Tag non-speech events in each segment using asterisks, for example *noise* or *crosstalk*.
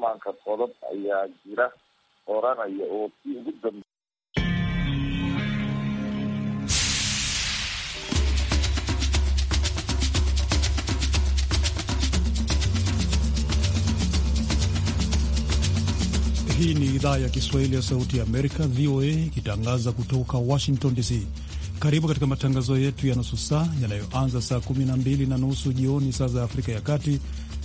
baarlamaanka qodob ayaa jira oranaya oo kii ugu dambe Hii ni idhaa ya Kiswahili ya Sauti ya Amerika, VOA, ikitangaza kutoka Washington DC. Karibu katika matangazo yetu ya nusu saa yanayoanza saa 12 na nusu jioni saa za Afrika ya Kati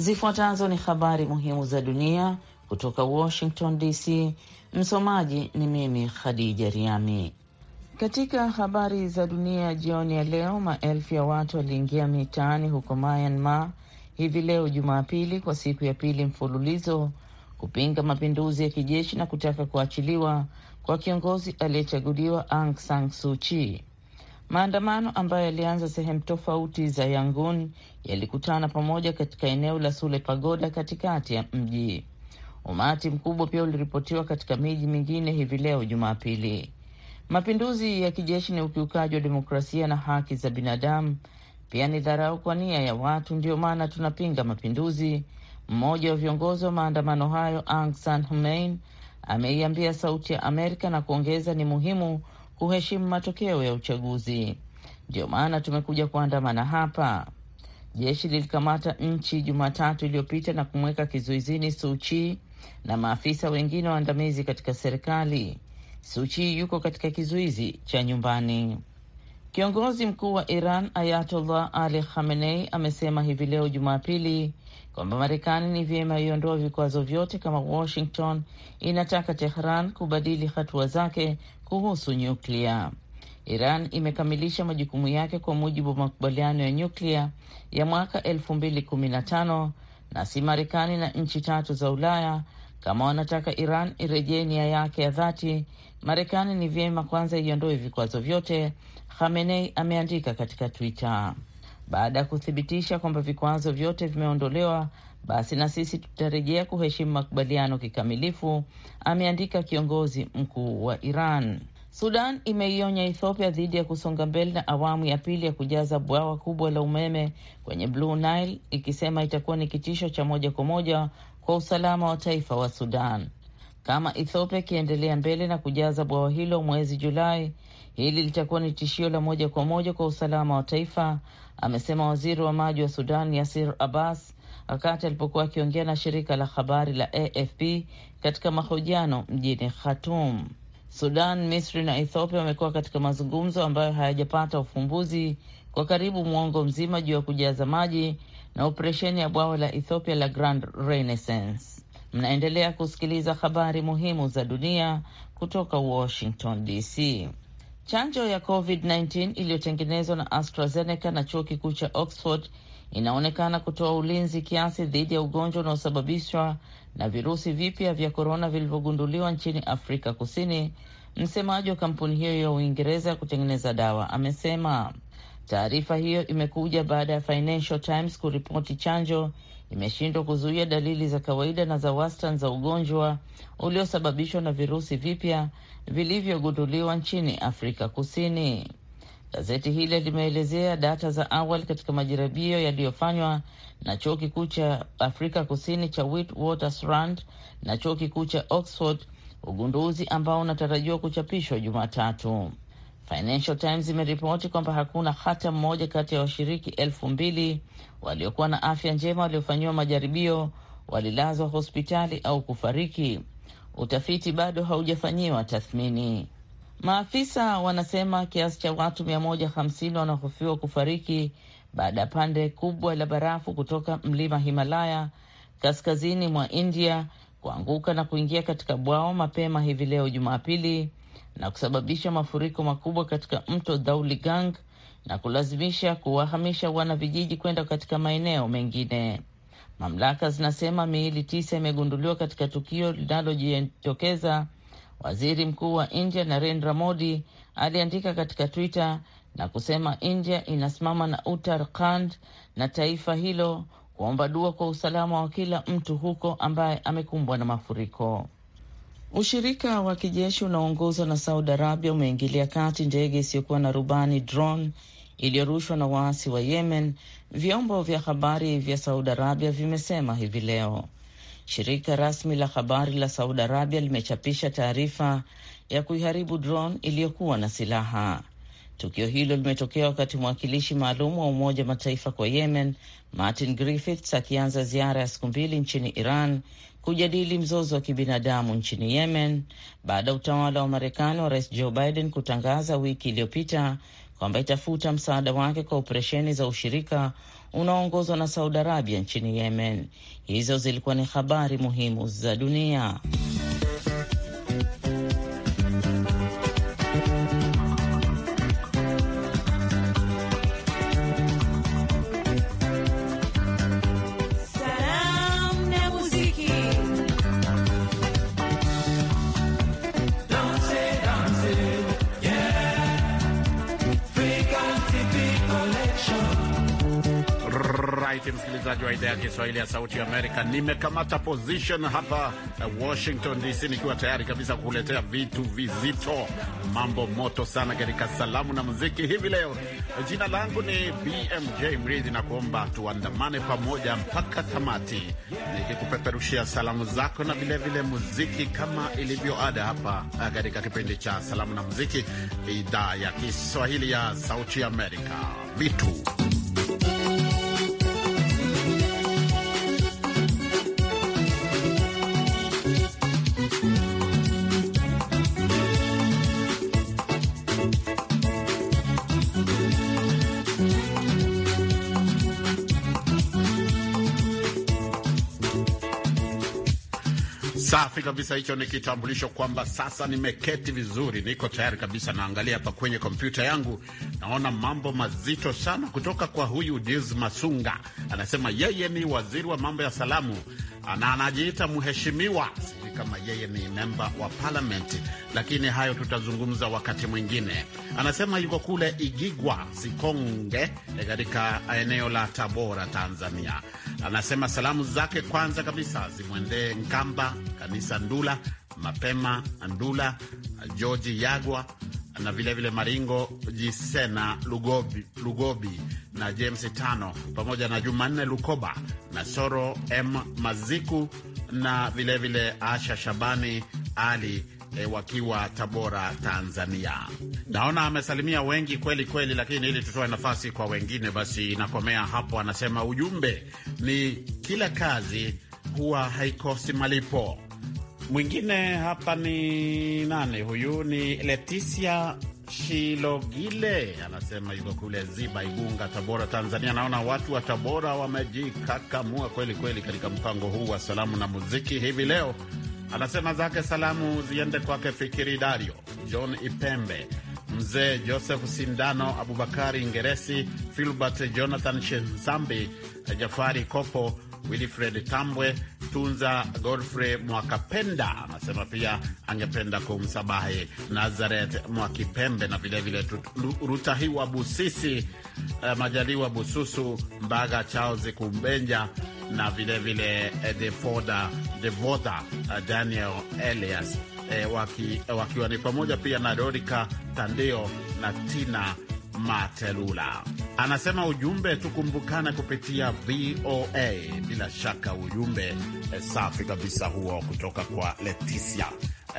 Zifuatazo ni habari muhimu za dunia kutoka Washington DC. Msomaji ni mimi Khadija Riami. Katika habari za dunia jioni ya leo, maelfu ya watu waliingia mitaani huko Myanmar hivi leo Jumapili kwa siku ya pili mfululizo kupinga mapinduzi ya kijeshi na kutaka kuachiliwa kwa kiongozi aliyechaguliwa Aung San Suu Kyi. Maandamano ambayo yalianza sehemu tofauti za Yangon yalikutana pamoja katika eneo la Sule Pagoda katikati ya mji. Umati mkubwa pia uliripotiwa katika miji mingine hivi leo Jumapili. Mapinduzi ya kijeshi ni ukiukaji wa demokrasia na haki za binadamu, pia ni dharau kwa nia ya watu. Ndiyo maana tunapinga mapinduzi, mmoja wa viongozi wa maandamano hayo Aung San Humein ameiambia Sauti ya Amerika na kuongeza, ni muhimu kuheshimu matokeo ya uchaguzi. Ndiyo maana tumekuja kuandamana hapa. Jeshi lilikamata nchi Jumatatu iliyopita na kumweka kizuizini Suchi na maafisa wengine waandamizi katika serikali. Suchi yuko katika kizuizi cha nyumbani. Kiongozi mkuu wa Iran Ayatollah Ali Khamenei amesema hivi leo Jumapili kwamba Marekani ni vyema iondoe vikwazo vyote kama Washington inataka Tehran kubadili hatua zake kuhusu nyuklia. Iran imekamilisha majukumu yake kwa mujibu wa makubaliano ya nyuklia ya mwaka 215 na na si Marekani na nchi tatu za Ulaya kama wanataka Iran irejee nia yake ya dhati. Marekani ni vyema kwanza iondoe vikwazo vyote, Khamenei ameandika katika Twitter. Baada ya kuthibitisha kwamba vikwazo vyote vimeondolewa, basi na sisi tutarejea kuheshimu makubaliano kikamilifu, ameandika kiongozi mkuu wa Iran. Sudan imeionya Ethiopia dhidi ya kusonga mbele na awamu ya pili ya kujaza bwawa kubwa la umeme kwenye Blue Nile, ikisema itakuwa ni kitisho cha moja kwa moja kwa usalama wa taifa wa Sudan kama Ethiopia ikiendelea mbele na kujaza bwawa hilo mwezi Julai. Hili litakuwa ni tishio la moja kwa moja kwa usalama wa taifa amesema waziri wa maji wa Sudan Yasir Abbas wakati alipokuwa akiongea na shirika la habari la AFP katika mahojiano mjini Khartoum. Sudan, Misri na Ethiopia wamekuwa katika mazungumzo ambayo hayajapata ufumbuzi kwa karibu mwongo mzima juu ya kujaza maji na operesheni ya bwawa la Ethiopia la Grand Renaissance. Mnaendelea kusikiliza habari muhimu za dunia kutoka Washington DC. Chanjo ya COVID-19 iliyotengenezwa na AstraZeneca na chuo kikuu cha Oxford inaonekana kutoa ulinzi kiasi dhidi ya ugonjwa unaosababishwa na virusi vipya vya korona vilivyogunduliwa nchini Afrika Kusini. Msemaji wa kampuni hiyo ya Uingereza ya kutengeneza dawa amesema taarifa hiyo imekuja baada ya Financial Times kuripoti chanjo imeshindwa kuzuia dalili za kawaida na za wastani za ugonjwa uliosababishwa na virusi vipya vilivyogunduliwa nchini Afrika Kusini. Gazeti hili limeelezea data za awali katika majaribio yaliyofanywa na chuo kikuu cha Afrika Kusini cha Witwatersrand na chuo kikuu cha Oxford, ugunduzi ambao unatarajiwa kuchapishwa Jumatatu. Financial Times imeripoti kwamba hakuna hata mmoja kati ya washiriki elfu mbili waliokuwa na afya njema waliofanyiwa majaribio walilazwa hospitali au kufariki. Utafiti bado haujafanyiwa tathmini. Maafisa wanasema kiasi cha watu 150 wanahofiwa kufariki baada ya pande kubwa la barafu kutoka mlima Himalaya kaskazini mwa India kuanguka na kuingia katika bwao mapema hivi leo Jumapili, na kusababisha mafuriko makubwa katika mto Dhauligang na kulazimisha kuwahamisha wanavijiji kwenda katika maeneo mengine. Mamlaka zinasema miili tisa imegunduliwa katika tukio linalojitokeza. Waziri Mkuu wa India Narendra Modi aliandika katika Twitter na kusema India inasimama na Uttarakhand na taifa hilo kuomba dua kwa usalama wa kila mtu huko ambaye amekumbwa na mafuriko. Ushirika wa kijeshi unaoongozwa na Saudi Arabia umeingilia kati ndege isiyokuwa na rubani drone iliyorushwa na waasi wa Yemen, vyombo vya habari vya Saudi Arabia vimesema hivi leo. Shirika rasmi la habari la Saudi Arabia limechapisha taarifa ya kuiharibu drone iliyokuwa na silaha. Tukio hilo limetokea wakati mwakilishi maalum wa Umoja Mataifa kwa Yemen Martin Griffiths akianza ziara ya siku mbili nchini Iran kujadili mzozo wa kibinadamu nchini Yemen baada ya utawala wa Marekani wa Rais Joe Biden kutangaza wiki iliyopita kwamba itafuta msaada wake kwa operesheni za ushirika unaoongozwa na Saudi Arabia nchini Yemen. Hizo zilikuwa ni habari muhimu za dunia. mkamiti msikilizaji wa idhaa ya Kiswahili ya Sauti ya Amerika. Nimekamata position hapa eh, Washington DC, nikiwa tayari kabisa kukuletea vitu vizito, mambo moto sana katika salamu na muziki hivi leo. Eh, jina langu ni BMJ Mridhi na kuomba tuandamane pamoja mpaka tamati, nikikupeperushia salamu zako na vilevile muziki kama ilivyo ada hapa eh, katika kipindi cha salamu na muziki, idhaa ya Kiswahili ya Sauti ya Amerika. Vitu Safi kabisa, hicho ni kitambulisho kwamba sasa nimeketi vizuri, niko tayari kabisa. Naangalia hapa kwenye kompyuta yangu, naona mambo mazito sana kutoka kwa huyu Diz Masunga. Anasema yeye ni waziri wa mambo ya salamu na anajiita mheshimiwa, sijui kama yeye ni memba wa parliament, lakini hayo tutazungumza wakati mwingine. Anasema yuko kule Igigwa Sikonge katika eneo la Tabora, Tanzania. Anasema salamu zake kwanza kabisa zimwendee Nkamba Kanisa Ndula, Mapema Ndula, Georgi Yagwa na vilevile vile Maringo Jisena Lugobi, Lugobi na James Tano pamoja na Jumanne Lukoba na Soro M Maziku na vilevile vile Asha Shabani Ali e, wakiwa Tabora, Tanzania. Naona amesalimia wengi kweli kweli, lakini ili tutoe nafasi kwa wengine, basi inakomea hapo. Anasema ujumbe ni kila kazi huwa haikosi malipo. Mwingine hapa ni nani? Huyu ni Leticia Shilogile anasema yuko kule Ziba, Igunga, Tabora, Tanzania. Naona watu wa Tabora wamejikakamua kweli kweli katika mpango huu wa salamu na muziki hivi leo, Anasema zake salamu ziende kwake Fikiri Dario, John Ipembe, Mzee Joseph Sindano, Abubakari Ngeresi, Filbert Jonathan Shenzambi, Jafari Kopo Wilfred Tambwe Tunza Godfrey Mwakapenda anasema pia angependa kumsabahi Nazareth Mwakipembe na vilevile Rutahiwa Busisi eh, Majaliwa Bususu Mbaga Charles Kumbenja na vilevile Devoda Devoda Daniel Elias eh, wakiwa waki ni pamoja pia na Dorika Tandeo na Tina Matelula anasema ujumbe tukumbukane kupitia VOA. Bila shaka ujumbe eh, safi kabisa huo kutoka kwa Leticia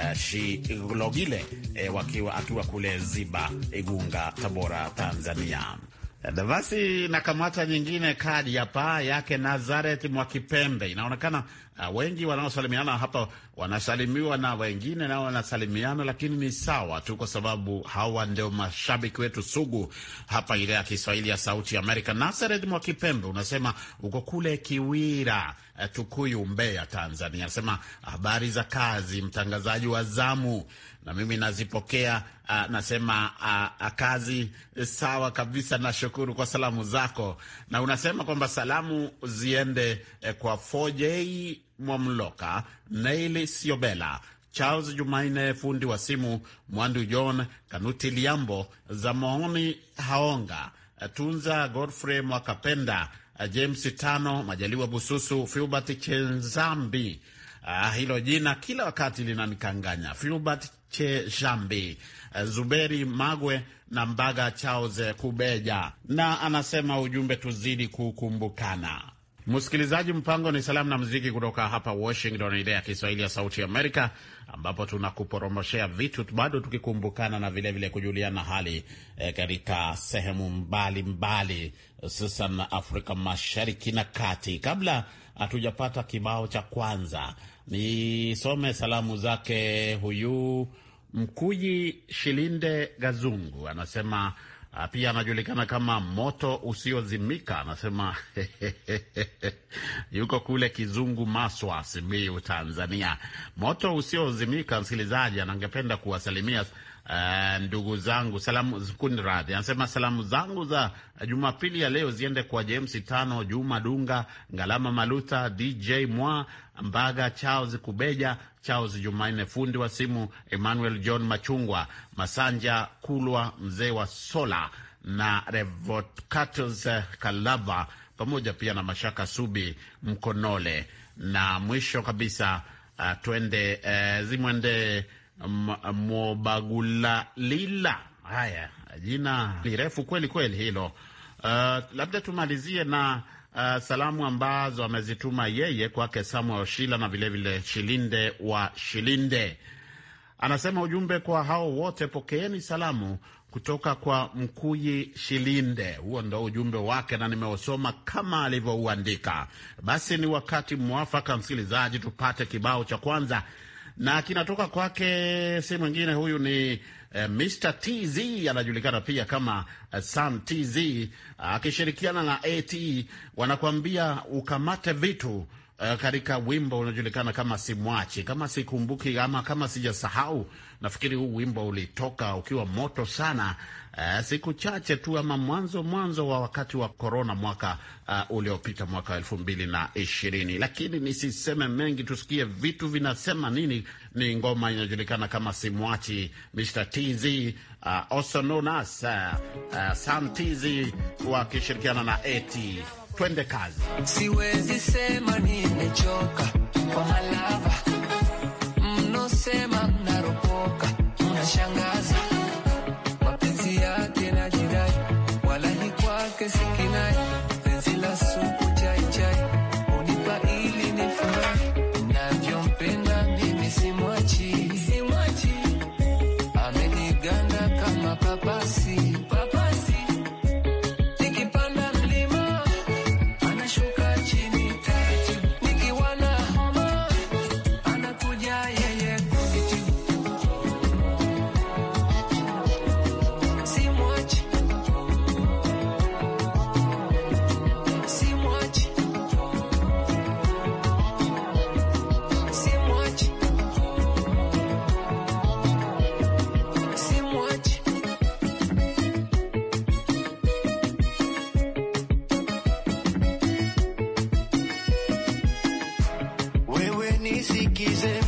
eh, Shilogile eh, wakiwa akiwa kule Ziba, Igunga, Tabora, Tanzania. Basi na kamata nyingine kadi ya yake Nazareth Mwakipembe. Inaonekana uh, wengi wanaosalimiana hapa wanasalimiwa na wengine nao wanasalimiana, lakini ni sawa tu, kwa sababu hawa ndio mashabiki wetu sugu hapa idhaa ya Kiswahili ya Sauti Amerika. Nazareth Mwakipembe unasema uko kule Kiwira, eh, Tukuyu, Mbeya, Tanzania. Anasema habari za kazi, mtangazaji wa zamu na mimi nazipokea. Uh, nasema uh, kazi eh, sawa kabisa. Nashukuru kwa salamu zako, na unasema kwamba salamu ziende eh, kwa Fojei Mwamloka, Neili Siobela, Charles Jumaine, fundi wa simu, Mwandu John, Kanuti Liambo, Zamaoni Haonga, eh, Tunza Godfrey Mwakapenda, eh, James Tano, Majaliwa Bususu, Filbert Chenzambi Ah, hilo jina kila wakati linanikanganya. Filbert Cheshambi, eh, Zuberi Magwe na Mbaga Charles Kubeja, na anasema ujumbe, tuzidi kukumbukana. Msikilizaji, mpango ni salamu na mziki kutoka hapa Washington, idhaa ya Kiswahili ya Sauti ya Amerika, ambapo tunakuporomoshea vitu bado tukikumbukana na vilevile vile kujuliana hali e, katika sehemu mbalimbali hususan Afrika Mashariki na Kati. Kabla hatujapata kibao cha kwanza. Nisome salamu zake huyu Mkuji Shilinde Gazungu, anasema ah, pia anajulikana kama moto usiozimika. Anasema *laughs* yuko kule Kizungu, Maswa, Simiyu, Tanzania. Moto usiozimika, msikilizaji, anangependa kuwasalimia Uh, ndugu zangu salamu radhi, anasema salamu zangu za Jumapili ya leo ziende kwa James Tano, Juma Dunga, Ngalama Maluta, DJ Mwa Mbaga, Charles Kubeja, Charles Jumanne fundi wa simu, Emmanuel John Machungwa, Masanja Kulwa, mzee wa sola na Revocatus eh, Kalava, pamoja pia na Mashaka Subi Mkonole, na mwisho kabisa uh, twende uh, zimwende Mobagulalila. Haya, jina lirefu kweli kweli hilo. Uh, labda tumalizie na uh, salamu ambazo amezituma yeye kwake Samuel Shila na vilevile vile Shilinde wa Shilinde. Anasema ujumbe kwa hao wote, pokeeni salamu kutoka kwa Mkuyi Shilinde. Huo ndo ujumbe wake na nimeosoma kama alivyouandika. Basi ni wakati mwafaka, msikilizaji, tupate kibao cha kwanza na kinatoka kwake, si mwingine huyu ni eh, Mr TZ anajulikana pia kama eh, Sam TZ akishirikiana na AT wanakuambia ukamate vitu uh, katika wimbo unajulikana kama Simwachi, kama sikumbuki ama kama sijasahau, nafikiri huu wimbo ulitoka ukiwa moto sana uh, siku chache tu ama mwanzo mwanzo wa wakati wa korona mwaka uh, uliopita mwaka elfu mbili na ishirini. Lakini nisiseme mengi, tusikie vitu vinasema nini. Ni ngoma inajulikana kama Simwachi, Mr TZ uh, also known as uh, uh, Sam TZ wakishirikiana na AT. Twende kazi. Siwezi sema choca. nisikize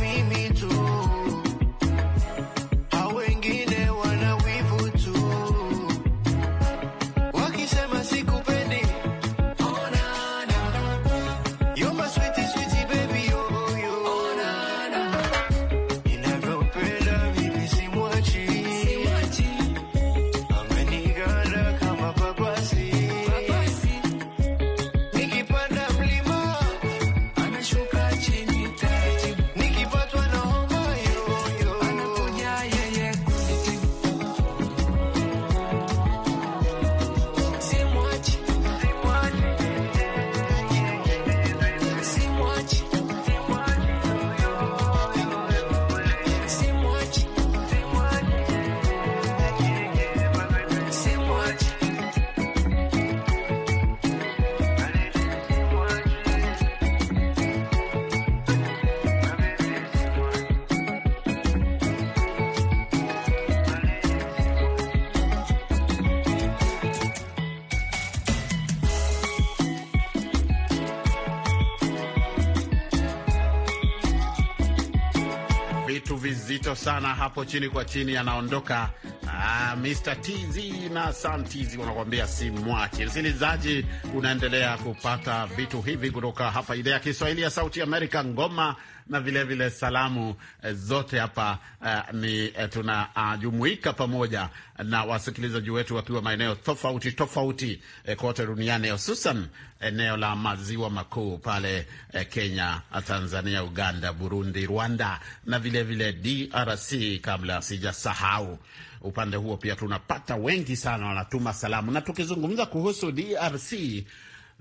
sana hapo chini kwa chini anaondoka. Ah, Mr TZ na Sam TZ wanakuambia si mwachi. Msikilizaji, unaendelea kupata vitu hivi kutoka hapa idhaa ya Kiswahili ya Sauti Amerika, ngoma na vilevile vile salamu eh, zote hapa uh, ni uh, tunajumuika uh, pamoja na wasikilizaji wetu wakiwa maeneo tofauti tofauti uh, kote duniani hususan eneo la maziwa makuu pale uh, Kenya, Tanzania, Uganda, Burundi, Rwanda na vilevile vile DRC, kabla sijasahau upande huo pia tunapata wengi sana wanatuma salamu, na tukizungumza kuhusu DRC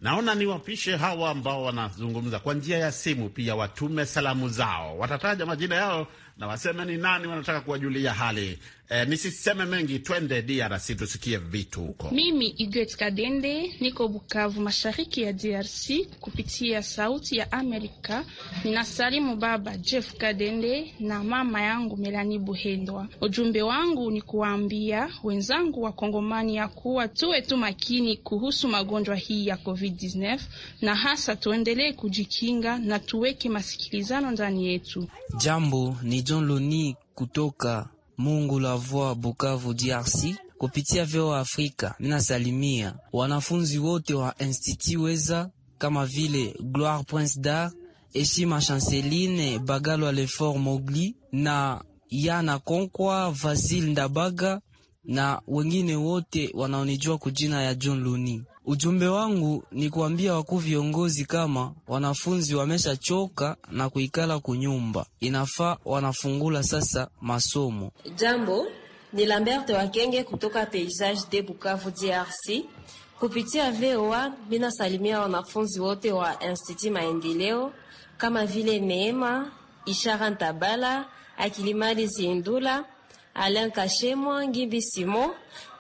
Naona niwapishe hawa ambao wanazungumza kwa njia ya simu, pia watume salamu zao, watataja majina yao na waseme ni nani wanataka kuwajulia hali. Eh, nisiseme mengi, twende DRC tusikie vitu huko. Mimi iguet Kadende niko Bukavu, mashariki ya DRC, kupitia Sauti ya Amerika. Ninasalimu baba Jeff Kadende na mama yangu Melani Buhendwa. Ujumbe wangu ni kuwaambia wenzangu wa Kongomani ya kuwa tuwe tu makini kuhusu magonjwa hii ya COVID-19 na hasa tuendelee kujikinga na tuweke masikilizano ndani yetu. Jambo, ni John Loni kutoka Mungu la Voi, Bukavu, DRC, kupitia VOA Afrika. Ninasalimia wanafunzi wote wa Institut Weza kama vile Gloire Prince Dar, Heshima Chanceline Bagalo, Alefort Mogli na Yana Konkwa, Vasil Ndabaga na wengine wote wanaonijua kujina ya John Luni. Ujumbe wangu ni kuambia wakuu viongozi kama wanafunzi wameshachoka na kuikala kunyumba, inafaa wanafungula sasa masomo. Jambo ni Lambert Wakenge kutoka Paysage de Bukavu DRC. Kupitia VOA minasalimia wanafunzi wote wa Institut Maendeleo kama vile Neema Ishara Ntabala, Akilimali Zindula Alain Kashemwa, Ngimbi Simon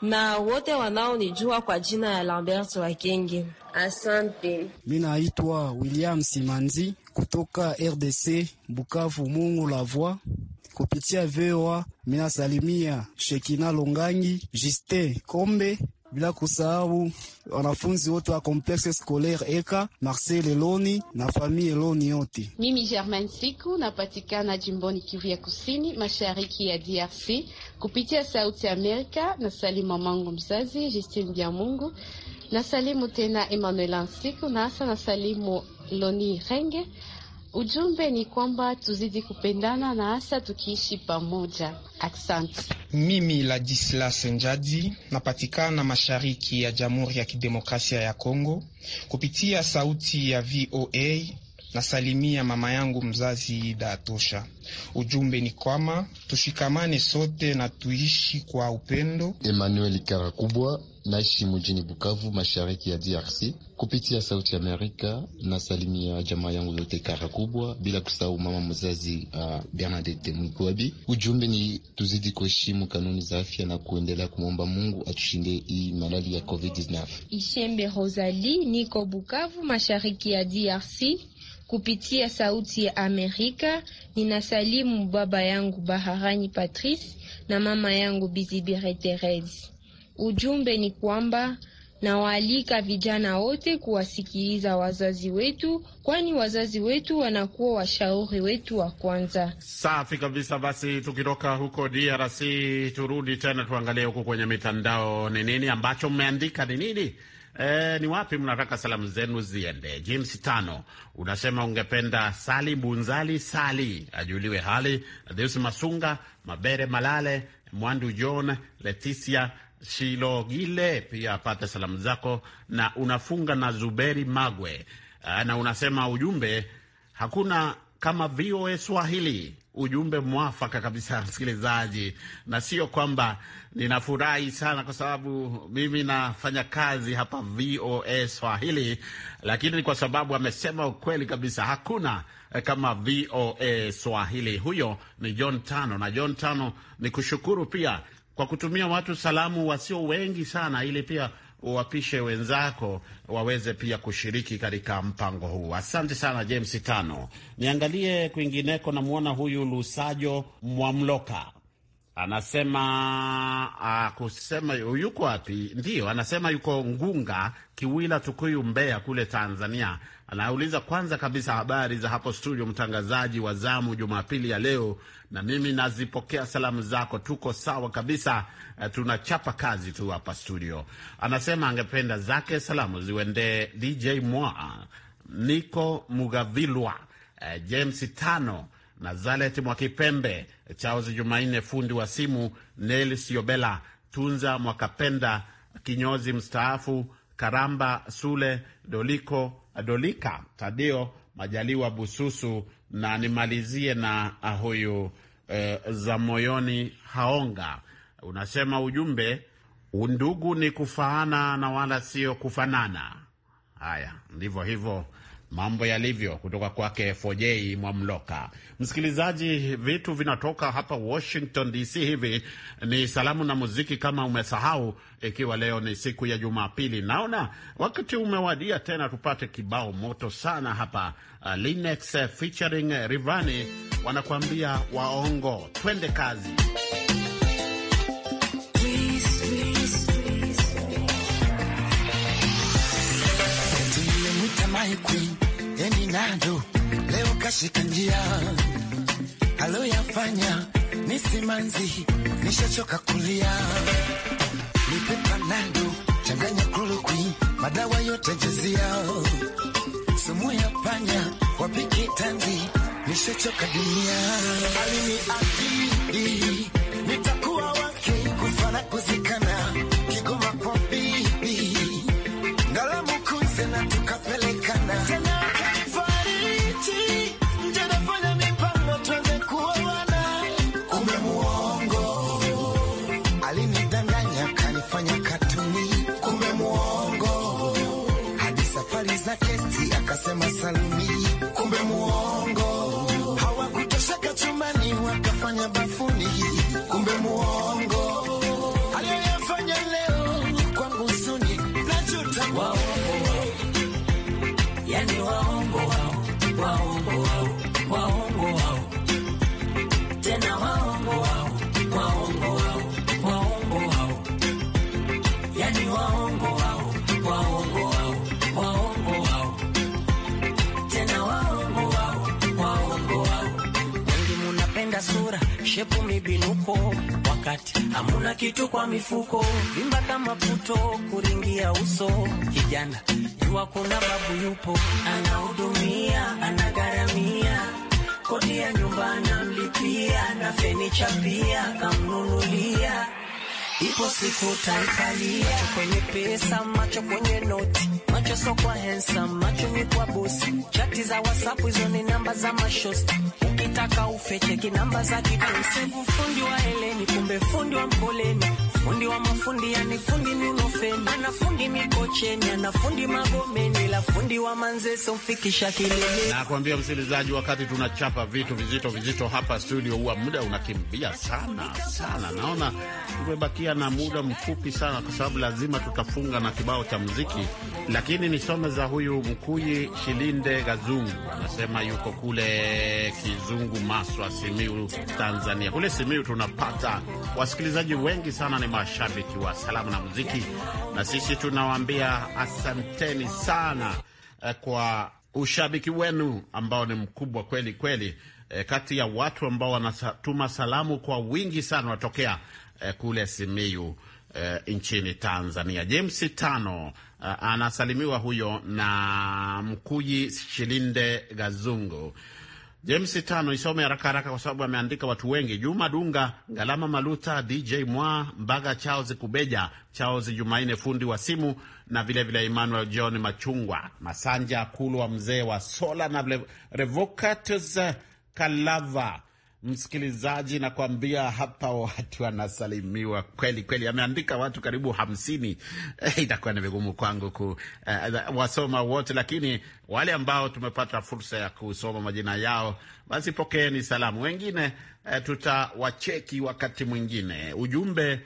na wote wanaonijua kwa jina ya Lambert Wakenge. Asante. Mimi naitwa William Simanzi kutoka RDC Bukavu, Mungu la Voi kupitia VOA. Minasalimia Shekina Longangi, Justin Kombe bila kusahau wanafunzi wote wa Complexe Scolaire Eka, Marcel Eloni na famille Eloni yote. Mimi Germain Siku napatikana jimboni Kivu ya Kusini, mashariki ya DRC kupitia Sauti Amerika na salimu mamangu mzazi Justine Biamungu na salimu tena Emmanuel Ansiku na hasa na salimu Loni Renge Ujumbe ni kwamba tuzidi kupendana na hasa tukiishi pamoja. Aksant. Mimi Ladislas Njadi napatikana mashariki ya Jamhuri ya Kidemokrasia ya Kongo kupitia sauti ya VOA. Nasalimia mama yangu mzazi Ida Atosha. Ujumbe ni kwamba tushikamane sote na tuishi kwa upendo. Emmanuel Karakubwa naishi mjini Bukavu, mashariki ya DRC. Kupitia Sauti Amerika na salimia ya jamaa yangu yote kara kubwa, bila kusahau mama mzazi uh, Bernadette mwigwabi Ujumbe ni tuzidi kuheshimu kanuni za afya na kuendelea kumwomba Mungu atushinde hii malali ya COVID-19. Ishembe Rosalie, niko Bukavu, mashariki ya DRC. Kupitia Sauti ya Amerika ninasalimu baba yangu Baharani Patrice na mama yangu Bizibire Therese. Ujumbe ni kwamba nawaalika vijana wote kuwasikiliza wazazi wetu, kwani wazazi wetu wanakuwa washauri wetu wa kwanza. Safi kabisa. Basi tukitoka huko DRC turudi tena tuangalie huko kwenye mitandao, ni nini ambacho mmeandika, ni nini E, ni wapi mnataka salamu zenu ziende? James tano unasema ungependa Sali Bunzali Sali ajuliwe hali, Deus Masunga Mabere Malale Mwandu John Leticia Shilogile pia apate salamu zako, na unafunga na Zuberi Magwe ah, na unasema ujumbe, hakuna kama VOA Swahili. Ujumbe mwafaka kabisa, msikilizaji, na sio kwamba ninafurahi sana kwa sababu mimi nafanya kazi hapa VOA Swahili, lakini ni kwa sababu amesema ukweli kabisa, hakuna eh, kama VOA Swahili. Huyo ni John Tano, na John Tano ni kushukuru pia kwa kutumia watu salamu wasio wengi sana, ili pia uwapishe wenzako waweze pia kushiriki katika mpango huu. Asante sana James Tano. Niangalie kwingineko, namwona huyu Lusajo Mwamloka anasema a, ah, kusema yuko wapi? ndio anasema yuko Ngunga Kiwila, Tukuyu, Mbeya kule Tanzania. Anauliza kwanza kabisa, habari za hapo studio, mtangazaji wa zamu Jumapili ya leo. Na mimi nazipokea salamu zako, tuko sawa kabisa, eh, tunachapa kazi tu hapa studio. Anasema angependa zake salamu ziwendee DJ Mwa, Niko Mugavilwa, eh, James Tano, Nazaret Mwakipembe, Charles Jumanne fundi wa simu, nels Yobela, Tunza Mwakapenda kinyozi mstaafu, Karamba Sule Doliko Dolika tadio Majaliwa Bususu, na nimalizie na huyu eh, za moyoni Haonga unasema ujumbe undugu ni kufaana na wala sio kufanana. Haya, ndivyo hivyo mambo yalivyo kutoka kwake Fojei Mwamloka. Msikilizaji, vitu vinatoka hapa Washington DC. Hivi ni salamu na muziki, kama umesahau, ikiwa leo ni siku ya Jumapili. Naona wakati umewadia tena tupate kibao moto sana hapa. Uh, Linex uh, featuring uh, Rivani wanakuambia waongo. Twende kazi. Please, please, please endi nado leo kashika njia ni simanzi nishachoka kulia nipe panado changanya klorokwi madawa yote jazia sumu ya panya wapiki tanzi nishachoka dunia alini akili nitakuwa wake kufana kuzikana hamuna kitu kwa mifuko, vimba kama puto kuringia uso. Kijana jua kuna babu yupo, anahudumia anagharamia, kodi ya nyumba anamlipia, na fenicha pia kamnunulia. Ipo siku taikalia, macho kwenye pesa, macho kwenye noti, macho so kwa handsome, macho ni kwa bosi, chati za WhatsApp hizo ni namba za mashosti unataka ufe, cheki namba za kipensevu, fundi wa eleni, kumbe fundi wa mkoleni, fundi wa mafundi, yani fundi ninofeni, ana fundi mikocheni, ana fundi magomeni, la fundi wa Manzese mfikisha kilele. Nakwambia msikilizaji, wakati tunachapa vitu vizito vizito hapa studio, huwa muda unakimbia sana sana. Naona tumebakia na muda mfupi sana, kwa sababu lazima tutafunga na kibao cha muziki, lakini nisome za huyu Mkuyi Shilinde Gazungu, anasema yuko kule Kizungu Mungu Maswa, Simiu, Tanzania. Kule Simiu tunapata wasikilizaji wengi sana, ni mashabiki wa salamu na muziki, na sisi tunawaambia asanteni sana eh, kwa ushabiki wenu ambao ni mkubwa kweli kweli. E, kati ya watu ambao wanatuma salamu kwa wingi sana watokea e, eh, kule simiu e, nchini Tanzania. James Tano a, anasalimiwa huyo na Mkuji Shilinde Gazungu James tano isome haraka haraka kwa sababu ameandika watu wengi: Juma Dunga, Ngalama Maluta, DJ Mwa Mbaga, Charles Kubeja, Charles Jumaine fundi wa simu na vilevile vile Emmanuel John Machungwa Masanja Kulu wa mzee wa sola na Revocatus Kalava msikilizaji, nakwambia hapa watu wanasalimiwa kweli kweli. Ameandika watu karibu hamsini. Eh, itakuwa ni vigumu kwangu ku uh, wasoma wote, lakini wale ambao tumepata fursa ya kusoma majina yao, basi pokeeni salamu. Wengine uh, tutawacheki wakati mwingine. Ujumbe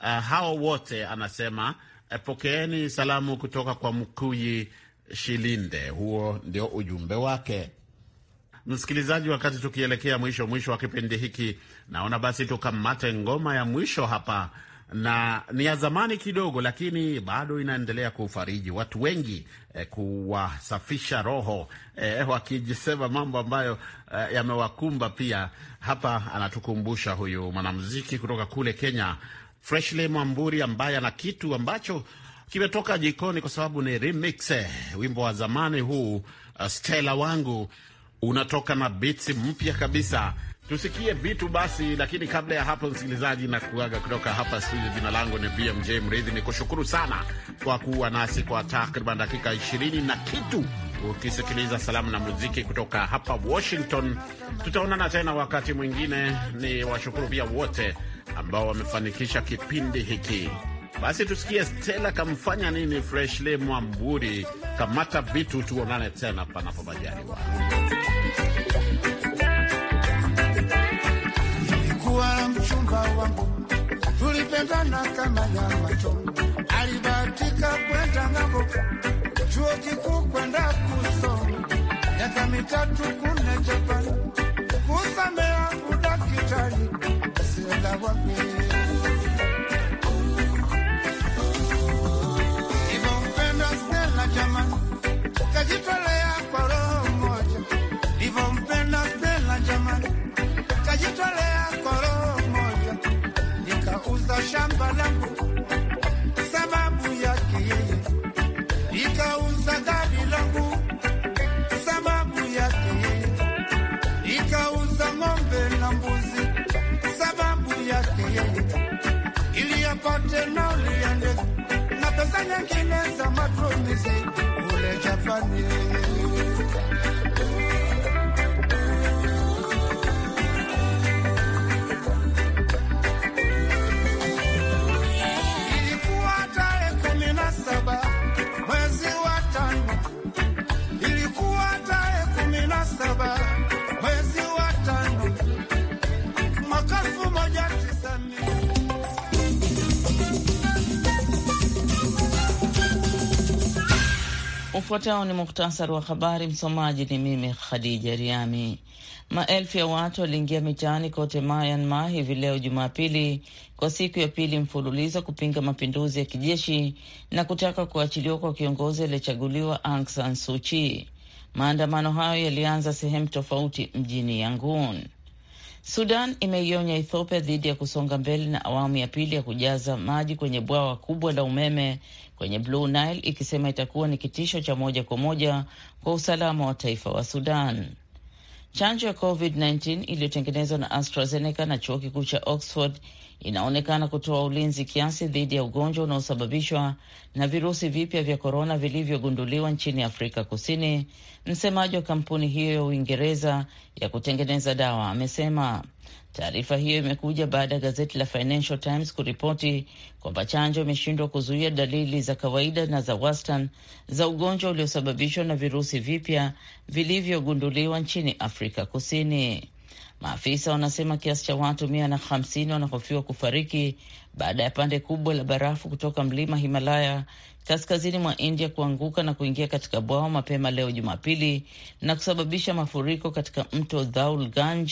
uh, hao wote anasema uh, pokeeni salamu kutoka kwa Mkuyi Shilinde. Huo ndio ujumbe wake. Msikilizaji, wakati tukielekea mwisho mwisho wa kipindi hiki, naona basi tukamate ngoma ya mwisho hapa, na ni ya zamani kidogo, lakini bado inaendelea kufariji watu wengi eh, kuwasafisha roho eh, wakijisema mambo ambayo eh, yamewakumba. Pia hapa anatukumbusha huyu mwanamuziki kutoka kule Kenya, Freshley Mwamburi, ambaye ana kitu ambacho kimetoka jikoni kwa sababu ni remix, eh, wimbo wa zamani huu, uh, Stella wangu unatoka na biti mpya kabisa. Tusikie vitu basi, lakini kabla ya hapo, msikilizaji, na kuaga kutoka hapa studio. Jina langu ni BMJ Mridhi, ni kushukuru sana kwa kuwa nasi kwa takriban dakika ishirini na kitu ukisikiliza salamu na muziki kutoka hapa Washington. Tutaonana tena wakati mwingine. Ni washukuru pia wote ambao wamefanikisha kipindi hiki. Basi tusikie stela kamfanya nini Freshle Mwamburi, kamata vitu, tuonane tena panapo majaliwa. mchumba wangu, tulipendana kama nyama choma. Alibahatika kwenda ng'ambo, chuo kikuu kwenda kusoma, miaka mitatu kune Japani, kusomea udaktari. Sielewa mimi Sanya Kenya Samatro Missing, Ule Japanese. Ufuatao ni muhtasari wa habari. Msomaji ni mimi Khadija Riami. Maelfu ya watu waliingia mitaani kote Myanmar hivi leo Jumapili kwa siku ya pili mfululizo kupinga mapinduzi ya kijeshi na kutaka kuachiliwa kwa kiongozi aliyechaguliwa Aung San Suu Kyi. Maandamano hayo yalianza sehemu tofauti mjini Yangon. Sudan imeionya Ethiopia dhidi ya kusonga mbele na awamu ya pili ya kujaza maji kwenye bwawa kubwa la umeme kwenye Blue Nile, ikisema itakuwa ni kitisho cha moja kwa moja kwa usalama wa taifa wa Sudan. Chanjo ya COVID-19 iliyotengenezwa na AstraZeneca na chuo kikuu cha Oxford inaonekana kutoa ulinzi kiasi dhidi ya ugonjwa unaosababishwa na virusi vipya vya korona vilivyogunduliwa nchini Afrika Kusini. Msemaji wa kampuni hiyo ya Uingereza ya kutengeneza dawa amesema Taarifa hiyo imekuja baada ya gazeti la Financial Times kuripoti kwamba chanjo imeshindwa kuzuia dalili za kawaida na za wastani za ugonjwa uliosababishwa na virusi vipya vilivyogunduliwa nchini Afrika Kusini. Maafisa wanasema kiasi cha watu mia na hamsini wanahofiwa kufariki baada ya pande kubwa la barafu kutoka mlima Himalaya kaskazini mwa India kuanguka na kuingia katika bwawa mapema leo Jumapili na kusababisha mafuriko katika mto Dhaul Ganj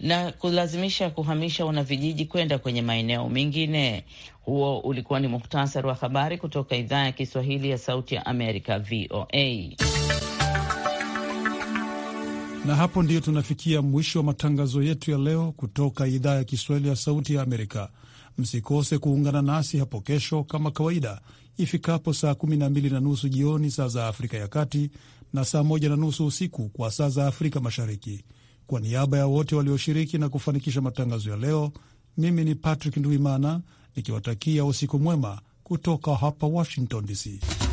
na kulazimisha kuhamisha wanavijiji kwenda kwenye maeneo mengine. Huo ulikuwa ni muhtasari wa habari kutoka idhaa ya Kiswahili ya Sauti ya Amerika, VOA. Na hapo ndiyo tunafikia mwisho wa matangazo yetu ya leo kutoka idhaa ya Kiswahili ya Sauti ya Amerika. Msikose kuungana nasi hapo kesho kama kawaida ifikapo saa kumi na mbili na nusu jioni saa za Afrika ya Kati na saa moja na nusu usiku kwa saa za Afrika Mashariki. Kwa niaba ya wote walioshiriki na kufanikisha matangazo ya leo, mimi ni Patrick Ndwimana nikiwatakia usiku mwema kutoka hapa Washington DC.